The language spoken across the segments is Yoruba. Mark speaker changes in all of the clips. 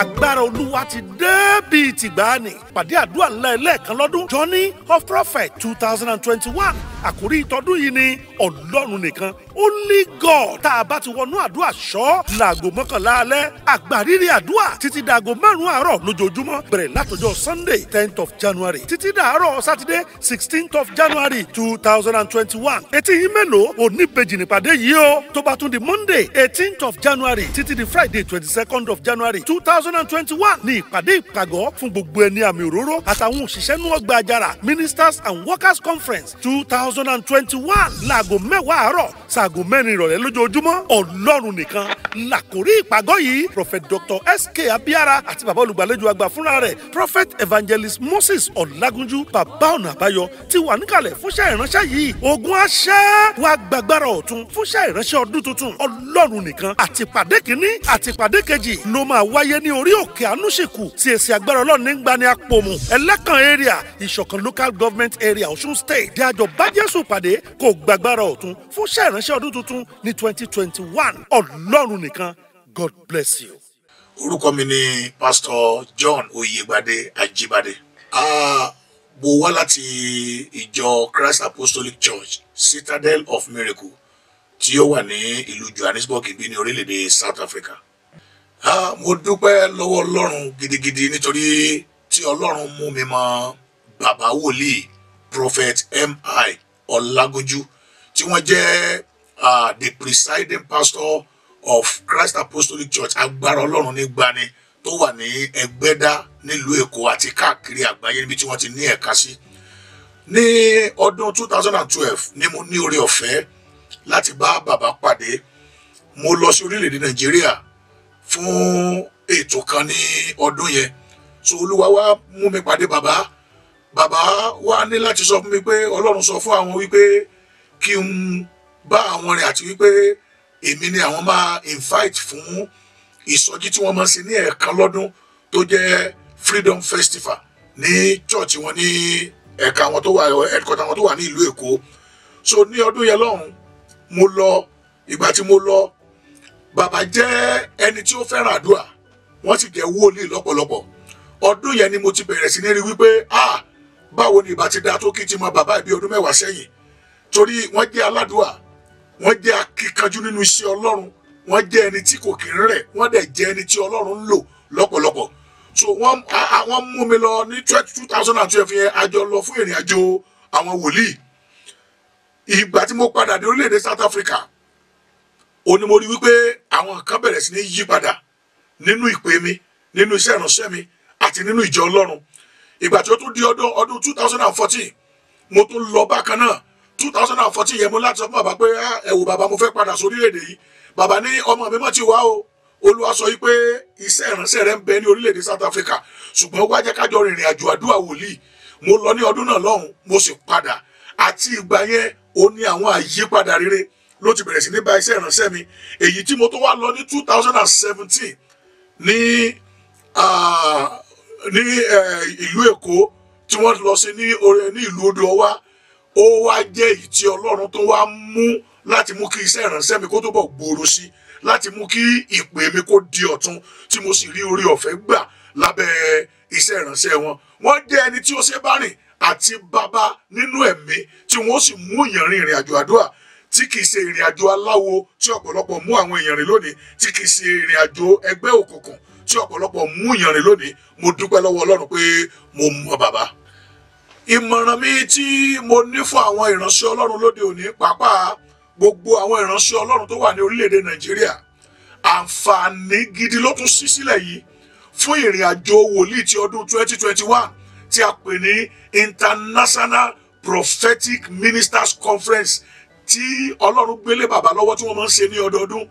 Speaker 1: agbára olúwa ti dé bíi tìgbàanì pàdé àdúrà ńlá ẹlẹ́ẹ̀kan lọ́dún Johnny of prophet two thousand and twenty-one àkórí ìtọ́dún yìí ni ọlọ́run nìkan only God tá a bá ti wọnú àdúrà ṣọ́ làgò mọ́kànlá alẹ́ àgbàrírí àdúrà títí dàgò márùn-ún àárọ̀ lójoojúmọ́ bẹ̀rẹ̀ látọjọ́ Sunday tenth of January títí dàárọ̀ Saturday sixteenth of January two thousand and twenty-one etí yín mélòó oníbejì nípàdé yìí o tó bá tún di Monday eighteenth of January títí di Friday twenty-second of January two thousand and twenty-one ní ìpàdé ìpàgọ́ fún gbogbo ẹni àmì òróró àtàwọn òṣìṣẹ́ nú ọgbà àjàrà Ministers and Workers Conference two thousand thousand and twenty one láago mẹ́wàá àárọ̀ ṣaago mẹ́rin ìrọ̀lẹ́ lójoojúmọ́ ọlọ́run nìkan làkórí ìpàgọ́ yìí prophet dr sk abiara àti bàbá olùgbàlejò àgbà fúnra rẹ̀ prophet evangelist moses ọlágúnjú bàbá ọ̀nà àbáyọ ti wà níkàlẹ̀ fúnṣẹ́ ìránṣẹ́ yìí ogun aṣẹ́ wa gbàgbára ọ̀tun fúnṣẹ́ ìránṣẹ́ ọdún tuntun ọlọ́run nìkan àtìpàdé kìíní àtìpàdé kejì ló máa wáyé ní orí òkè anúṣekù tí èsì agbára ọlọ́run ní gbani apòmù ẹlẹ́kàn area ìṣọ̀kan local government area ọ̀ṣun state di àjọ bájẹ́sù pàdé kò gbàgbára ọ̀tun fúnṣẹ́ ìránṣẹ́ ọdún tuntun ní twenty twenty one ọlọ́run ọlọ́run nìkan god bless you.
Speaker 2: orúkọ mi ni pastor john oyèbádé ajíbádé mo wá láti ìjọ christ apostolic church citadel of miracle tí ó wà ní ìlú johannesburg ibi ní orílẹ̀-èdè south africa. Uh, mo dúpẹ́ lọ́wọ́ ọlọ́run gidigidi nítorí tí ọlọ́run mú mi mọ bàbá wòlíì prophet mi ọlágójú tí wọ́n jẹ́ the presiding pastor of Christ Apostolic Church agbára ọlọ́run nígbà ni tó wà ní ẹgbẹ́dá nílùú èkó àti káàkiri àgbáyé níbi tí wọ́n ti ní ẹ̀ka sí ní ọdún 2012 ni mo ní oore ọ̀fẹ́ láti bá bàbá pàdé mo lọ sí orílẹ̀-èdè nàìjíríà fún ètò kan ní ọdún yẹn so olúwa wá mú mi pàdé bàbá bàbá wá ní láti sọ fún mi pé ọlọ́run sọ fún àwọn wípé kí n bá àwọn rìn àti wípé èmi ni àwọn máa invite fún ìsọjí tí wọ́n máa ṣe ní ẹ̀ẹ̀kan lọ́dún tó jẹ́ freedom festival ní church wọn ní ẹ̀ka wọn tó wà ẹ̀ẹ́dkọ́tà wọn tó wà ní ìlú èkó so ní ọdún yẹn lọ́hùn mo lọ ìgbà tí mo lọ bàbá jẹ́ ẹni tí ó fẹ́ràn àdúrà wọ́n sì jẹ́ wòlíì lọ́pọ̀lọpọ̀ ọdún yẹn ni mo ti bẹ̀rẹ̀ sí ní rí wípé ah báwo ni ìbá ti da tó kí ti mọ bàbá ìbí ọdún mẹ́wàá sẹ́yìn torí wọ́n jẹ́ aládùúà wọ́n jẹ́ akíkanjú nínú iṣẹ́ ọlọ́run wọ́n jẹ́ ẹni tí kò kí ń rẹ̀ wọ́n dẹ̀ jẹ́ ẹni tí ọlọ́run ń lò lọ́pọ̀lọpọ̀ so wọ́n àwọn mú mi lọ ní two thousand and twelve yẹn àjọ lọ fún ìrìn àjò àwọn wòlíì ìgbà tí mo padà dé orílẹ̀-èdè South Africa ó ní mo rí wípé àwọn kan bẹ̀rẹ̀ sí ní yí padà nínú ìpè mi nínú iṣẹ́ ìránṣẹ́ mi àti nínú ìjọ ọlọ́run ìgbà tí ó tún di ọdún ọdún two thousand and fourteen mo tún lọ bákan náà 2014, thousand and fourteen yẹn mo láti sọ fún bàbá pé ah, ẹ wò bàbá mo fẹ́ padà sórílẹ̀-èdè yìí bàbá ní ọmọ mi mọ̀ ti wá o olúwa sọ wípé iṣẹ́ ìránṣẹ́ rẹ ń bẹ ní orílẹ̀-èdè South Africa ṣùgbọ́n wá jẹ́ ká jọ rìnrìn àjò àdúrà wòlíì mo lọ ní ọdún náà lọ́hùn mo sì padà àti ìgbà yẹn ó ní àwọn àyípadà rere ló ti bẹ̀rẹ̀ sí ní bá iṣẹ́ ìránṣẹ́ mi èyí tí mo tó wá lọ ní two ní ní ìlú Èkó tí wọ́n lọ sí ní ìlú Odò Ọwá ó wá jẹ́ èyí tí ọlọ́run tó wá mú láti mú kí iṣẹ́ ìránṣẹ́ mi kó túbọ̀ gbòòrò sí láti mú kí ìpè mi kó di ọ̀tun tí mo sì rí orí ọ̀fẹ́ gbà lábẹ́ iṣẹ́ ìránṣẹ́ wọn wọ́n jẹ́ ẹni tí ó ṣe bá rìn àti bàbá nínú ẹ̀mí tí wọ́n sì mú èèyàn rin ìrìn àjò àdúrà tí kìí ṣe ìrìn àjò aláwo tí ọ̀pọ̀lọpọ̀ mú àwọn èèyàn rìn lónìí tí kìí ṣe ìrìn àjò ẹgbẹ́ òkùnkùn tí ọ̀pọ̀lọpọ̀ mú èèyàn rìn lónìí mo dúpẹ́ lọ́wọ́ ọlọ́run pé mo mọ bàbá ìmọ̀ràn mi tí mo ní fún àwọn ìránṣẹ́ ọlọ́run lóde òní pàápàá gbogbo àwọn ìránṣẹ́ ọlọ́run tó wà ní orílẹ̀-èdè nàìjíríà àǹfààní gidi ló tún ṣí sílẹ̀ yìí fún ìrìn àjò wòlíì ti ọdún 2021 tí a pè ní international prophetic ministers conference tí ọlọ́run gbélé bàbá lọ́wọ́ tí wọ́n máa ń ṣe ní ọdọọdún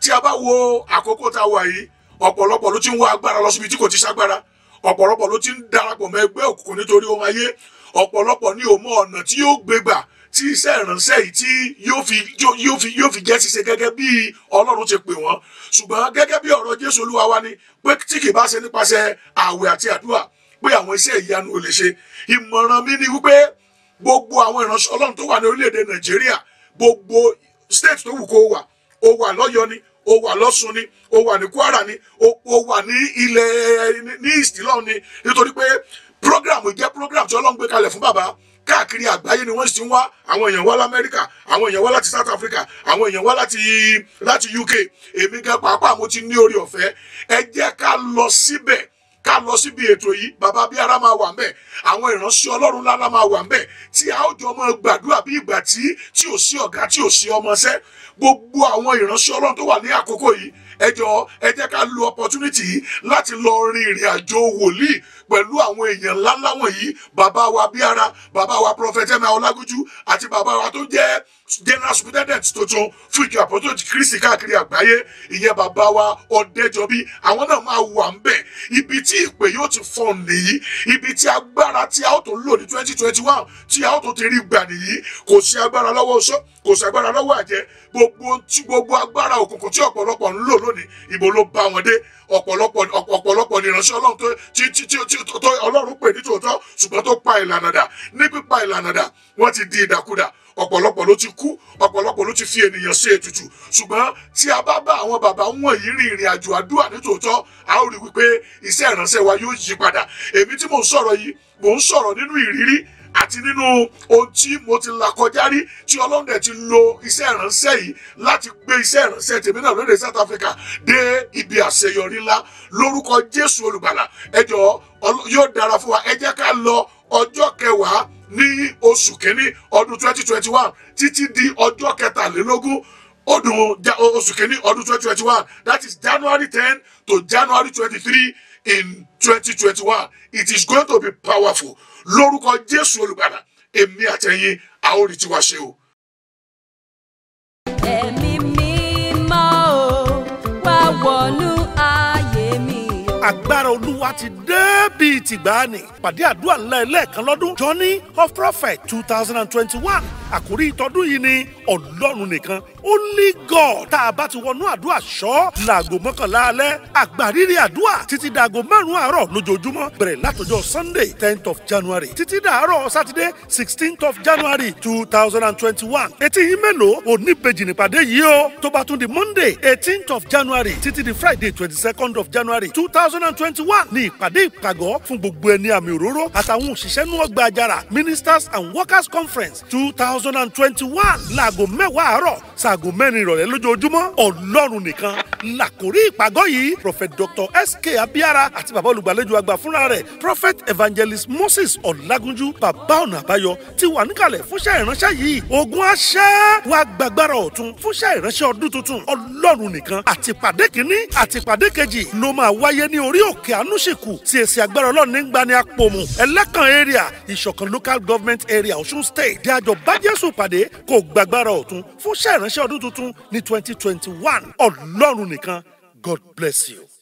Speaker 2: tí a bá wo àkókò tá a wà yìí ọ̀pọ̀lọpọ̀ ló ti ń wá agbára lọ síbi tí kò ti ságbára ọ̀pọ̀lọpọ̀ ló ti ń darapọ̀ mọ́ ẹgbẹ́ òkùnkùn nítorí ohun ayé ọ̀pọ̀lọpọ̀ ní òmọ ọ̀nà tí yóò gbégbà tí iṣẹ́ ìránṣẹ́ yìí tí yóò fi yóò fi yóò fi jẹ́ ṣíṣe gẹ́gẹ́ bí ọlọ́run ti pè wọ́n ṣùgbọ́n gẹ́gẹ́ bí ọ̀rọ̀ jésù olúwa wa ni pé tí kì bá ṣe nípasẹ̀ ààwẹ̀ àti àdúrà pé àwọn iṣẹ́ ìyanu ò lè ṣe ìmọ̀ràn mi ni wípé gbogbo àwọn ìránṣẹ́ ọlọ́run tó wà ní orílẹ̀-èdè nàìjíríà gbogbo state tó wù kó wà ó wà lọ́yọ́ ni ó wà lọ́sùn ni ó wà ní kwara ni ó wà ní ilẹ̀ ní east ni nítorí pé program jẹ́ program tí ọlọ́run gbé kalẹ̀ fún bàbá káàkiri àgbáyé ni wọ́n sì ń wá àwọn èèyàn wá lamẹ́ríkà àwọn èèyàn wá láti south africa àwọn èèyàn wá láti láti uk èmi gan pàápàá mo ti ní orí ọ̀fẹ́ ẹ jẹ́ ká lọ síbẹ̀ ká lọ síbi ètò yìí bàbá abíyára máa wà ńbẹ̀ àwọn ìránṣẹ́ ọlọ́run ńláńlá máa wà ńbẹ̀ tí a ó jọ máa gbàdúrà bí ìgbà tí tí ò sí ọ̀gá tí ò sí ọmọṣẹ́ gbogbo àwọn ìránṣẹ́ ọlọ́run tó wà ní àkókò yìí ẹ jọ ẹ jẹ́ ká lo opportunity yìí láti lọ rin ìrìn àjò wòlíì pẹ̀lú àwọn èèyàn ńláńlá wọ̀nyí bàbá wa bíara bàbá wa prophet emma ọlágúnjú àti bàbá wa tó jẹ́ general superintendent tuntun fún ìjọ àpótò kristi káàkiri àgbáyé ìyẹn bàbá wa ọ̀dẹ́jọbí àwọn náà máa wà ń bẹ̀ ibi tí ìpè yóò ti fọ́n nìyí ibi tí agbára tí a ó tó lò ní twenty twenty one tí a ó tó ti rí gbà nìyí kò sí agbára lọ́wọ́ oṣó kò sí agbára lọ́wọ́ àjẹ́ gbogbo tí gbogbo agbára òkùnkùn tí ọ̀pọ̀lọpọ̀ ń lò lónìí ìbò ló bá wọn dé ọ̀pọ̀lọpọ̀ ọ̀pọ̀lọpọ̀ ìránṣẹ́ ọlọ́run tí tó ọlọ́run pè ní tòótọ́ ṣùgbọ́n tó pa ìlànà dà ní pípa ìlànà dà wọ́n ti di ìdàkudà ọ̀pọ̀lọpọ̀ ló ti kú ọ̀pọ̀lọpọ̀ ló ti fi ènìyàn ṣe ètùtù ṣùgbọ́n tí a bá bá àwọn bàbá wọ̀nyí rin ìrìn àjò àdúrà nítòótọ́ a ó rí wípé iṣẹ́ ìránṣẹ́ wa yóò yí padà èmi tí mò ń sọ̀rọ̀ yìí mò ń sọ̀rọ̀ nínú ìrírí àti nínú ohun tí mo ti là kọjá rí tí ọlọ́run dẹ̀ ti lo iṣẹ́ ìránṣẹ́ yìí láti gbé iṣẹ́ ìránṣẹ́ tèmi náà lóde South Africa dé ibi àṣeyọrí ńlá lórúkọ Jésù olùgbàlà ẹ jọ̀ọ́ yóò dára fún wa ẹ ká lọ ọjọ́ kẹwàá ní oṣù kínní ọdún 2021 títí di ọjọ́ kẹtàlélógún ọdún oṣù kínní ọdún 2021 that is January 10 to January 23 in 2021 it is going to be powerful lórúkọ jésù olùgbàlà èmi àtẹ̀yin a tiwa ṣe o. ẹ̀mí mímọ́ o wá
Speaker 1: wọ̀lú ayé mi. agbára olúwa ti dé ṣe bíi tìgbàanì pàdé àdúrà ńlá ẹlẹ́ẹ̀kan lọ́dún Journey of Prophet two thousand and twenty-one àkórí ìtọ́dún yìí ni ọlọ́run nìkan only God tá a bá ti wọnú àdúrà ṣọ́ làgò mọ́kànlá alẹ́ àgbàrírí àdúrà títí dàgò márùn-ún àárọ̀ lójoojúmọ́ bẹ̀rẹ̀ látọjọ́ Sunday tenth of January títí dàárọ̀ Saturday sixteenth of January two thousand and twenty-one etí yín mélòó oníbejì nípàdé yìí o tó bá tún di Monday eighteenth of January títí di Friday twenty-second of January two thousand and twenty-one ní ìpàdé ìp pàgọ́ fún gbogbo ẹni àmì òróró àtàwọn òṣìṣẹ́ inú ọgbà àjàrà ministers and workers conference two thousand and twenty-one láago mẹ́wàá àárọ̀ ṣaago mẹ́rin ìrọ̀lẹ́ lójoojúmọ́ ọlọ́run nìkan làkórí ìpàgọ́ yìí prophet dr sk abiara àti bàbá olùgbàlejò àgbà fúnra rẹ̀ prophet evangelist moses ọ̀làgúnjú bàbá ọ̀nà àbáyọ ti wà níkàlẹ̀ fúnṣẹ́ ìránṣẹ́ yìí ogun aṣẹ́ wa gbàgbára ọ̀tun fúnṣẹ́ ìránṣẹ́ ọdún tuntun ọlọ́run nìkan àtìpàdé kìíní àtìpàdé kejì ló máa wáyé ní orí òkè anúṣekù t àti èsì agbára ọlọ́run nígbà ni àpòmù ẹlẹ́kàn area ìṣọ̀kan local government area ọ̀ṣun state di àjọ bá pàdé kò gbàgbára ọ̀tún fún iṣẹ́ ìránṣẹ́ ọdún tuntun ní twenty twenty one ọlọ́run nìkan god bless you.